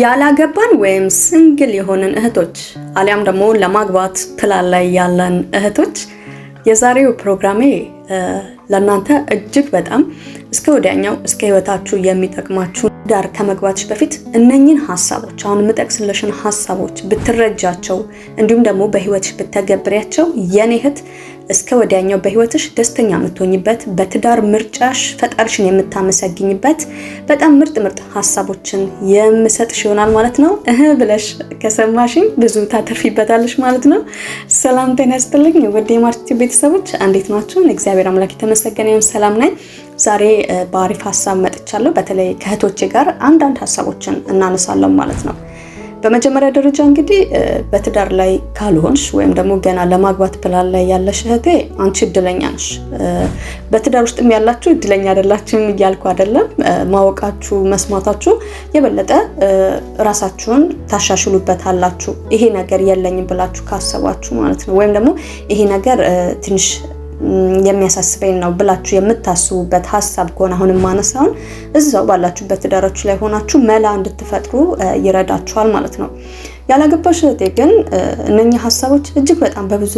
ያላገባን ወይም ስንግል የሆንን እህቶች አሊያም ደግሞ ለማግባት ትላል ላይ ያለን እህቶች የዛሬው ፕሮግራሜ ለእናንተ እጅግ በጣም እስከ ወዲያኛው እስከ ህይወታችሁ የሚጠቅማችሁ ዳር ከመግባትሽ በፊት እነኝን ሀሳቦች አሁን የምጠቅስልሽን ሀሳቦች ብትረጃቸው እንዲሁም ደግሞ በህይወትሽ ብተገብሪያቸው የኔ እህት እስከ ወዲያኛው በህይወትሽ ደስተኛ የምትሆኝበት በትዳር ምርጫሽ ፈጣሪሽን የምታመሰግኝበት በጣም ምርጥ ምርጥ ሀሳቦችን የምሰጥሽ ይሆናል ማለት ነው። እህ ብለሽ ከሰማሽኝ ብዙ ታተርፊበታለሽ ማለት ነው። ሰላም ጤና ይስጥልኝ ውድ የማርቲ ቤተሰቦች እንዴት ናችሁ? እግዚአብሔር አምላክ የተመሰገነ ይሁን። ሰላም ነኝ። ዛሬ በአሪፍ ሀሳብ መጥቻለሁ። በተለይ ከእህቶቼ ጋር አንዳንድ ሀሳቦችን እናነሳለን ማለት ነው። በመጀመሪያ ደረጃ እንግዲህ በትዳር ላይ ካልሆንሽ ወይም ደግሞ ገና ለማግባት ፕላን ላይ ያለሽ እህቴ አንቺ እድለኛ ነሽ። በትዳር ውስጥም ያላችሁ እድለኛ አይደላችሁም እያልኩ አይደለም። ማወቃችሁ፣ መስማታችሁ የበለጠ ራሳችሁን ታሻሽሉበት አላችሁ። ይሄ ነገር የለኝም ብላችሁ ካሰባችሁ ማለት ነው። ወይም ደግሞ ይሄ ነገር ትንሽ የሚያሳስበኝ ነው ብላችሁ የምታስቡበት ሀሳብ ከሆነ አሁን ማነሳውን እዛው ባላችሁበት ትዳራችሁ ላይ ሆናችሁ መላ እንድትፈጥሩ ይረዳችኋል ማለት ነው። ያላገባሽ እህቴ ግን እነኛ ሀሳቦች እጅግ በጣም በብዙ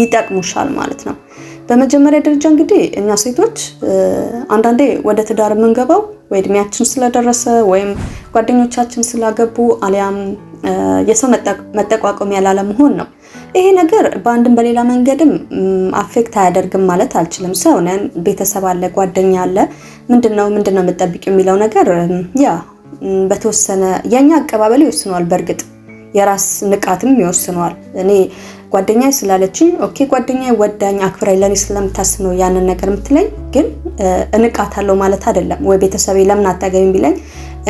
ይጠቅሙሻል ማለት ነው። በመጀመሪያ ደረጃ እንግዲህ እኛ ሴቶች አንዳንዴ ወደ ትዳር የምንገባው ወይ እድሜያችን ስለደረሰ ወይም ጓደኞቻችን ስላገቡ አሊያም የሰው መጠቋቆሚያ ላለመሆን ነው። ይሄ ነገር በአንድም በሌላ መንገድም አፌክት አያደርግም ማለት አልችልም። ሰው ነን፣ ቤተሰብ አለ፣ ጓደኛ አለ። ምንድነው ምንድነው የምጠብቂው የሚለው ነገር ያ በተወሰነ የኛ አቀባበል ይወስነዋል። በእርግጥ የራስ ንቃትም ይወስነዋል። እኔ ጓደኛዬ ስላለችኝ ኦኬ ጓደኛዬ ወዳኝ አክብራኝ ለእኔ ስለምታስብ ነው ያንን ነገር የምትለኝ። ግን አለው ማለት አይደለም ወይ ቤተሰቤ ለምን አታገቢም ቢለኝ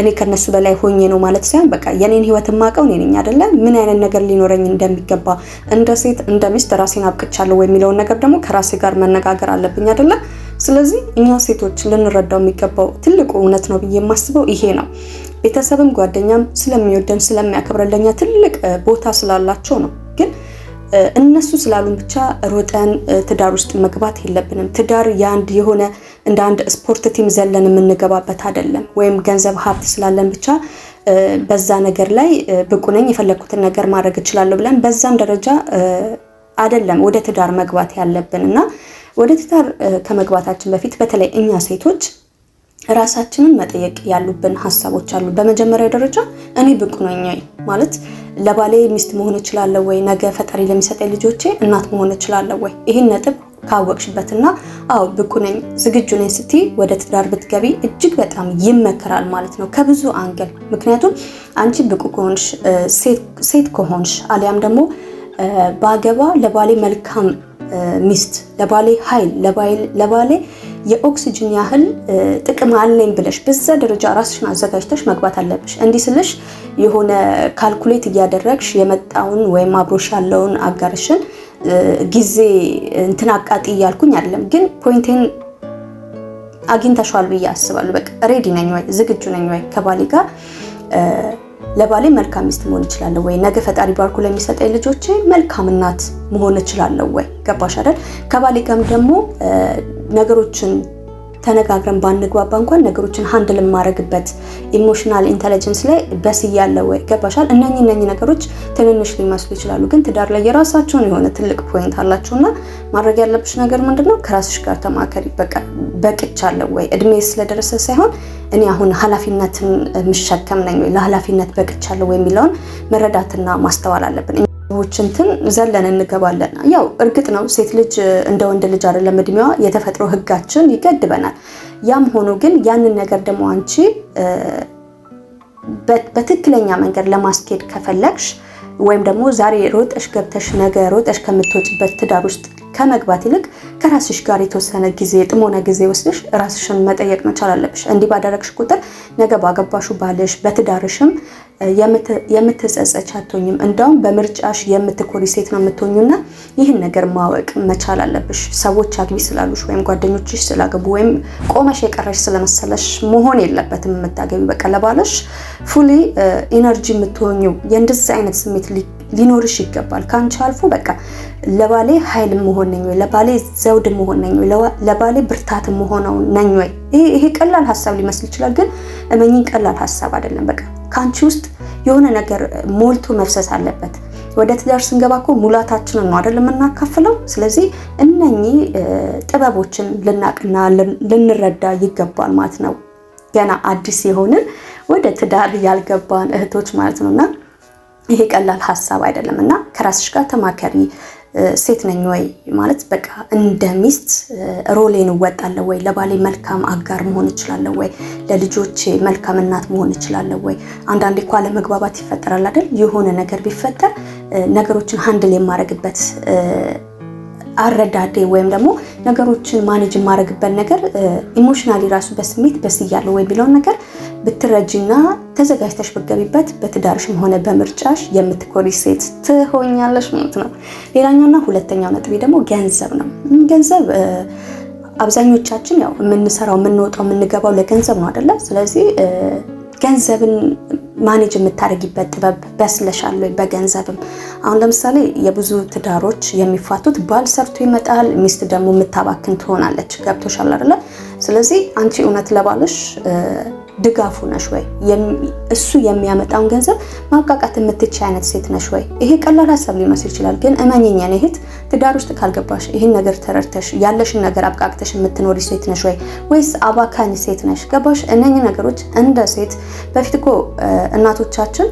እኔ ከነሱ በላይ ሆኜ ነው ማለት ሳይሆን በቃ የኔን ህይወት ማቀው እኔ ነኝ አይደለ? ምን አይነት ነገር ሊኖረኝ እንደሚገባ እንደ ሴት እንደ ሚስት ራሴን አብቅቻለሁ የሚለውን ነገር ደግሞ ከራሴ ጋር መነጋገር አለብኝ አይደለ? ስለዚህ እኛ ሴቶች ልንረዳው የሚገባው ትልቁ እውነት ነው ብዬ የማስበው ይሄ ነው። ቤተሰብም ጓደኛም ስለሚወደን ስለሚያከብረለኛ ትልቅ ቦታ ስላላቸው ነው ግን እነሱ ስላሉን ብቻ ሮጠን ትዳር ውስጥ መግባት የለብንም። ትዳር የአንድ የሆነ እንደ አንድ ስፖርት ቲም ዘለን የምንገባበት አይደለም። ወይም ገንዘብ ሀብት ስላለን ብቻ በዛ ነገር ላይ ብቁ ነኝ የፈለግኩትን ነገር ማድረግ እችላለሁ ብለን በዛም ደረጃ አይደለም ወደ ትዳር መግባት ያለብን እና ወደ ትዳር ከመግባታችን በፊት በተለይ እኛ ሴቶች ራሳችንን መጠየቅ ያሉብን ሀሳቦች አሉ። በመጀመሪያ ደረጃ እኔ ብቁ ነኝ ማለት ለባሌ ሚስት መሆን እችላለሁ ወይ? ነገ ፈጣሪ ለሚሰጠኝ ልጆቼ እናት መሆን እችላለሁ ወይ? ይህን ነጥብ ካወቅሽበትና አዎ ብቁ ነኝ ዝግጁ ነኝ ስትይ ወደ ትዳር ብትገቢ እጅግ በጣም ይመከራል ማለት ነው፣ ከብዙ አንገል። ምክንያቱም አንቺ ብቁ ከሆንሽ ሴት ከሆንሽ አሊያም ደግሞ ባገባ ለባሌ መልካም ሚስት ለባሌ ኃይል ለባሌ የኦክሲጅን ያህል ጥቅም አለኝ ብለሽ በዛ ደረጃ ራስሽን አዘጋጅተሽ መግባት አለብሽ። እንዲህ ስልሽ የሆነ ካልኩሌት እያደረግሽ የመጣውን ወይም አብሮሽ ያለውን አጋርሽን ጊዜ እንትን አቃጢ እያልኩኝ አይደለም፣ ግን ፖይንቴን አግኝተሸዋል ብዬ አስባለሁ። በቃ ሬዲ ነኝ ወይ ዝግጁ ነኝ ወይ ከባሌ ጋር ለባሌ መልካም ሚስት መሆን እችላለሁ ወይ? ነገ ፈጣሪ ባርኩ ለሚሰጠኝ ልጆቼ መልካም እናት መሆን እችላለሁ ወይ? ገባሽ አይደል? ከባሌ ጋርም ደግሞ ነገሮችን ተነጋግረን ባንግባባ እንኳን ነገሮችን ሀንድል የማረግበት ኢሞሽናል ኢንተለጀንስ ላይ በስ እያለ ወይ ገባሻል። እነኚህ እነኚህ ነገሮች ትንንሽ ሊመስሉ ይችላሉ፣ ግን ትዳር ላይ የራሳቸውን የሆነ ትልቅ ፖይንት አላቸው እና ማድረግ ያለብሽ ነገር ምንድነው? ከራስሽ ጋር ተማከሪ። በቅቻለሁ ወይ እድሜ ስለደረሰ ሳይሆን እኔ አሁን ኃላፊነትን የምሸከም ነኝ ወይ ለኃላፊነት በቅቻለሁ ወይ የሚለውን መረዳትና ማስተዋል አለብን። ሰዎች እንትን ዘለን እንገባለን። ያው እርግጥ ነው ሴት ልጅ እንደ ወንድ ልጅ አይደለም እድሜዋ፣ የተፈጥሮ ህጋችን ይገድበናል። ያም ሆኖ ግን ያንን ነገር ደግሞ አንቺ በትክክለኛ መንገድ ለማስኬድ ከፈለግሽ ወይም ደግሞ ዛሬ ሮጠሽ ገብተሽ ነገ ሮጠሽ ከምትወጭበት ትዳር ውስጥ ከመግባት ይልቅ ከራስሽ ጋር የተወሰነ ጊዜ ጥሞነ ጊዜ ወስደሽ ራስሽን መጠየቅ መቻል አለብሽ። እንዲህ ባደረግሽ ቁጥር ነገ ባገባሹ ባልሽ በትዳርሽም የምትጸጸች አትሆኝም። እንደውም በምርጫሽ የምትኮሪ ሴት ነው የምትሆኙና ይህን ነገር ማወቅ መቻል አለብሽ። ሰዎች አግቢ ስላሉሽ ወይም ጓደኞችሽ ስላገቡ ወይም ቆመሽ የቀረሽ ስለመሰለሽ መሆን የለበትም የምታገቢ። በቃ ፉሊ ኢነርጂ የምትሆኙ የእንደዚህ አይነት ስሜት ሊኖርሽ ይገባል። ከአንቺ አልፎ በቃ ለባሌ ኃይል መሆን ነኝ ወይ፣ ለባሌ ዘውድ መሆን ነኝ ወይ፣ ለባሌ ብርታት መሆነው ነኝ ወይ። ይሄ ቀላል ሀሳብ ሊመስል ይችላል፣ ግን እመኝን ቀላል ሀሳብ አይደለም። በቃ ከአንቺ ውስጥ የሆነ ነገር ሞልቶ መፍሰስ አለበት። ወደ ትዳር ስንገባ እኮ ሙላታችንን ነው አይደል የምናካፍለው። ስለዚህ እነኚህ ጥበቦችን ልናቅና ልንረዳ ይገባል ማለት ነው። ገና አዲስ የሆንን ወደ ትዳር ያልገባን እህቶች ማለት ነውና ይሄ ቀላል ሀሳብ አይደለም እና ከራስሽ ጋር ተማከሪ። ሴት ነኝ ወይ ማለት በቃ እንደ ሚስት ሮሌን እወጣለሁ ወይ? ለባሌ መልካም አጋር መሆን እችላለሁ ወይ? ለልጆቼ መልካም እናት መሆን እችላለሁ ወይ? አንዳንዴ እኮ አለመግባባት ይፈጠራል አይደል? የሆነ ነገር ቢፈጠር ነገሮችን ሀንድል የማደርግበት አረዳዴ ወይም ደግሞ ነገሮችን ማኔጅ የማድረግበት ነገር ኢሞሽናሊ ራሱ በስሜት በስያለሁ ወይ የሚለውን ነገር ብትረጅና ተዘጋጅተሽ ብትገቢበት በትዳርሽም ሆነ በምርጫሽ የምትኮሪ ሴት ትሆኛለሽ ማለት ነው። ሌላኛውና ሁለተኛው ነጥቤ ደግሞ ገንዘብ ነው። ገንዘብ አብዛኞቻችን ያው የምንሰራው የምንወጣው የምንገባው ለገንዘብ ነው አይደለ? ስለዚህ ገንዘብን ማኔጅ የምታደርጊበት ጥበብ በስለሻል ወይ? በገንዘብም አሁን ለምሳሌ የብዙ ትዳሮች የሚፋቱት ባል ሰርቶ ይመጣል፣ ሚስት ደግሞ የምታባክን ትሆናለች። ገብቶሻል አይደለ? ስለዚህ አንቺ እውነት ለባልሽ ድጋፉ ነሽ ወይ? እሱ የሚያመጣውን ገንዘብ ማብቃቃት የምትች አይነት ሴት ነሽ ወይ? ይሄ ቀላል ሀሳብ ሊመስል ይችላል፣ ግን እመኚኝ የኔ እህት፣ ትዳር ውስጥ ካልገባሽ ይህን ነገር ተረድተሽ ያለሽን ነገር አብቃቅተሽ የምትኖሪ ሴት ነሽ ወይ ወይስ አባካኝ ሴት ነሽ? ገባሽ? እነኚህ ነገሮች እንደ ሴት በፊት እኮ እናቶቻችን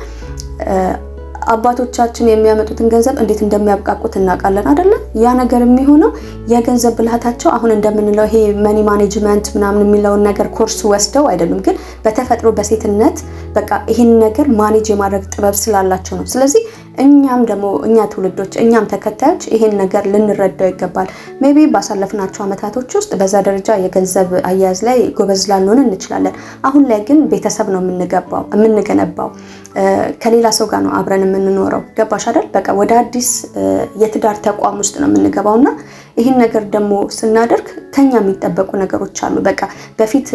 አባቶቻችን የሚያመጡትን ገንዘብ እንዴት እንደሚያብቃቁት እናውቃለን አይደለም ያ ነገር የሚሆነው የገንዘብ ብልሃታቸው አሁን እንደምንለው ይሄ መኒ ማኔጅመንት ምናምን የሚለውን ነገር ኮርስ ወስደው አይደሉም፣ ግን በተፈጥሮ በሴትነት በቃ ይህን ነገር ማኔጅ የማድረግ ጥበብ ስላላቸው ነው። ስለዚህ እኛም ደግሞ እኛ ትውልዶች እኛም ተከታዮች ይሄን ነገር ልንረዳው ይገባል። ሜቢ ባሳለፍናቸው ዓመታቶች ውስጥ በዛ ደረጃ የገንዘብ አያያዝ ላይ ጎበዝ ላልሆን እንችላለን። አሁን ላይ ግን ቤተሰብ ነው የምንገባው የምንገነባው ከሌላ ሰው ጋር ነው አብረን የምንኖረው። ገባሽ አይደል? በቃ ወደ አዲስ የትዳር ተቋም ውስጥ ነው የምንገባው እና ይህን ነገር ደግሞ ስናደርግ ከኛ የሚጠበቁ ነገሮች አሉ። በቃ በፊት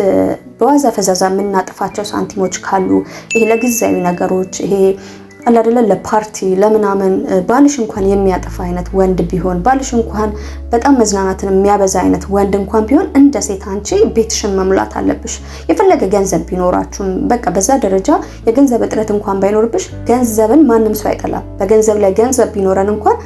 በዋዛ ፈዛዛ የምናጥፋቸው ሳንቲሞች ካሉ ይሄ ለጊዜያዊ ነገሮች ይሄ አላደለ ለፓርቲ ለምናምን ባልሽ እንኳን የሚያጠፋ አይነት ወንድ ቢሆን ባልሽ እንኳን በጣም መዝናናትን የሚያበዛ አይነት ወንድ እንኳን ቢሆን እንደ ሴት አንቺ ቤትሽን መሙላት አለብሽ። የፈለገ ገንዘብ ቢኖራችሁም በቃ በዛ ደረጃ የገንዘብ እጥረት እንኳን ባይኖርብሽ፣ ገንዘብን ማንም ሰው አይጠላም። በገንዘብ ላይ ገንዘብ ቢኖረን እንኳን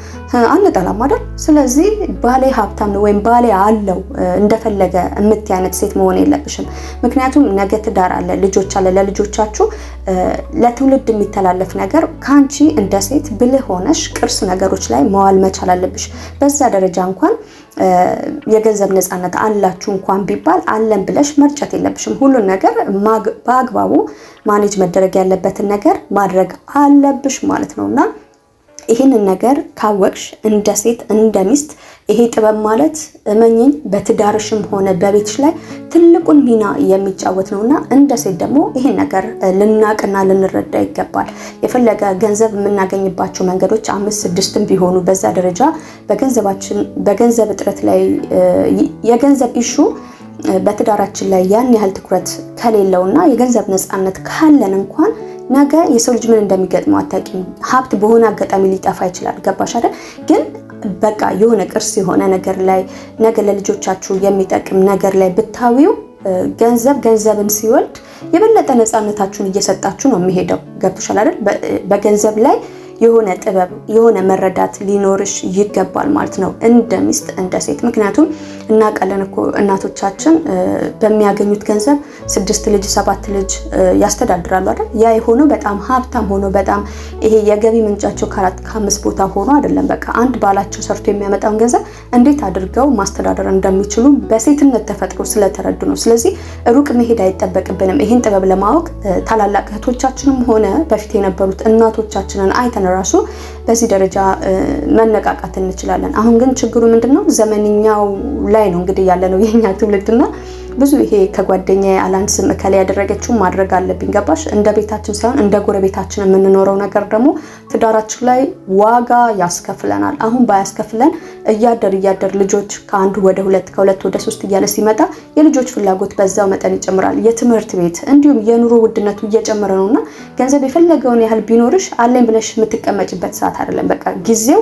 አንጠላም አይደል? ስለዚህ ባሌ ሀብታም ነው ወይም ባሌ አለው እንደፈለገ እምት አይነት ሴት መሆን የለብሽም። ምክንያቱም ነገ ትዳር አለ፣ ልጆች አለ፣ ለልጆቻችሁ ለትውልድ የሚተላለፍ ነገር ከአንቺ እንደ ሴት ብልህ ሆነሽ ቅርስ ነገሮች ላይ መዋል መቻል አለብሽ። በዛ ደረጃ እንኳን የገንዘብ ነፃነት አላችሁ እንኳን ቢባል አለን ብለሽ መርጨት የለብሽም። ሁሉን ነገር በአግባቡ ማኔጅ መደረግ ያለበትን ነገር ማድረግ አለብሽ ማለት ነው እና ይህንን ነገር ካወቅሽ እንደ ሴት እንደ ሚስት ይሄ ጥበብ ማለት እመኝኝ በትዳርሽም ሆነ በቤትሽ ላይ ትልቁን ሚና የሚጫወት እና እንደ ሴት ደግሞ ይሄን ነገር ልናቅና ልንረዳ ይገባል። የፈለገ ገንዘብ የምናገኝባቸው መንገዶች አምስት ስድስትም ቢሆኑ በዛ ደረጃ በገንዘባችን በገንዘብ እጥረት ላይ የገንዘብ ኢሹ በትዳራችን ላይ ያን ያህል ትኩረት ከሌለውና የገንዘብ ነፃነት ካለን እንኳን ነገ የሰው ልጅ ምን እንደሚገጥመው አታውቂም። ሀብት በሆነ አጋጣሚ ሊጠፋ ይችላል። ገባሽ አይደል? ግን በቃ የሆነ ቅርስ የሆነ ነገር ላይ ነገ ለልጆቻችሁ የሚጠቅም ነገር ላይ ብታዊው ገንዘብ ገንዘብን ሲወልድ የበለጠ ነፃነታችሁን እየሰጣችሁ ነው የሚሄደው። ገብቶሻል አይደል? በገንዘብ ላይ የሆነ ጥበብ የሆነ መረዳት ሊኖርሽ ይገባል ማለት ነው፣ እንደ ሚስት እንደ ሴት ምክንያቱም እናውቃለን እኮ እናቶቻችን በሚያገኙት ገንዘብ ስድስት ልጅ ሰባት ልጅ ያስተዳድራሉ አይደል? ያ የሆነው በጣም ሀብታም ሆኖ በጣም ይሄ የገቢ ምንጫቸው ከአራት ከአምስት ቦታ ሆኖ አይደለም። በቃ አንድ ባላቸው ሰርቶ የሚያመጣውን ገንዘብ እንዴት አድርገው ማስተዳደር እንደሚችሉ በሴትነት ተፈጥሮ ስለተረዱ ነው። ስለዚህ ሩቅ መሄድ አይጠበቅብንም። ይህን ጥበብ ለማወቅ ታላላቅ እህቶቻችንም ሆነ በፊት የነበሩት እናቶቻችንን አይተን ራሱ በዚህ ደረጃ መነቃቃት እንችላለን። አሁን ግን ችግሩ ምንድን ነው? ዘመንኛው ላይ ነው እንግዲህ ያለነው የኛ ትውልድና ብዙ ይሄ ከጓደኛ ስም እከላ ያደረገችው ማድረግ አለብኝ። ገባሽ? እንደ ቤታችን ሳይሆን እንደ ጎረቤታችን የምንኖረው ነገር ደግሞ ትዳራችን ላይ ዋጋ ያስከፍለናል። አሁን ባያስከፍለን እያደር እያደር ልጆች ከአንዱ ወደ ሁለት ከሁለት ወደ ሶስት እያለ ሲመጣ የልጆች ፍላጎት በዛው መጠን ይጨምራል። የትምህርት ቤት እንዲሁም የኑሮ ውድነቱ እየጨመረ እና ገንዘብ የፈለገውን ያህል ቢኖርሽ አለኝ ብለሽ የምትቀመጭበት ሰዓት አይደለም። በቃ ጊዜው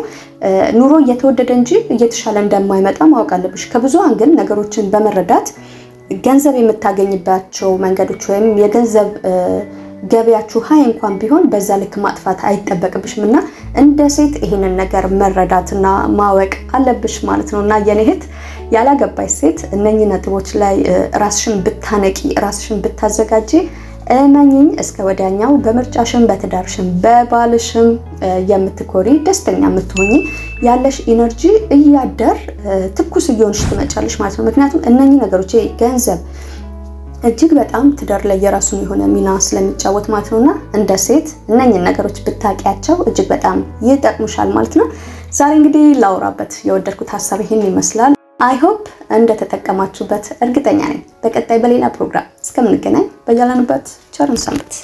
ኑሮ እየተወደደ እንጂ እየተሻለ እንደማይመጣ ማወቅ አለብሽ። ከብዙ አንግል ነገሮችን በመረዳት ገንዘብ የምታገኝባቸው መንገዶች ወይም የገንዘብ ገበያችሁ ሀይ እንኳን ቢሆን በዛ ልክ ማጥፋት አይጠበቅብሽም እና እንደ ሴት ይህንን ነገር መረዳትና ማወቅ አለብሽ ማለት ነው እና የኔ እህት ያላገባች ሴት እነኚህ ነጥቦች ላይ ራስሽን ብታነቂ ራስሽን ብታዘጋጂ እመኝኝ እስከ ወዲያኛው በምርጫሽም በትዳርሽም በባልሽም የምትኮሪ ደስተኛ የምትሆኝ ያለሽ ኢነርጂ እያደር ትኩስ እየሆንሽ ትመጫለሽ ማለት ነው። ምክንያቱም እነኚህ ነገሮች ገንዘብ እጅግ በጣም ትዳር ላይ የራሱን የሆነ ሚና ስለሚጫወት ማለት ነውና እንደ ሴት እነኝን ነገሮች ብታውቂያቸው እጅግ በጣም ይጠቅሙሻል ማለት ነው። ዛሬ እንግዲህ ላውራበት የወደድኩት ሀሳብ ይህን ይመስላል። አይሆፕ እንደተጠቀማችሁበት እርግጠኛ ነኝ። በቀጣይ በሌላ ፕሮግራም እስከምንገናኝ በያለንበት ቸርን ሰንብት።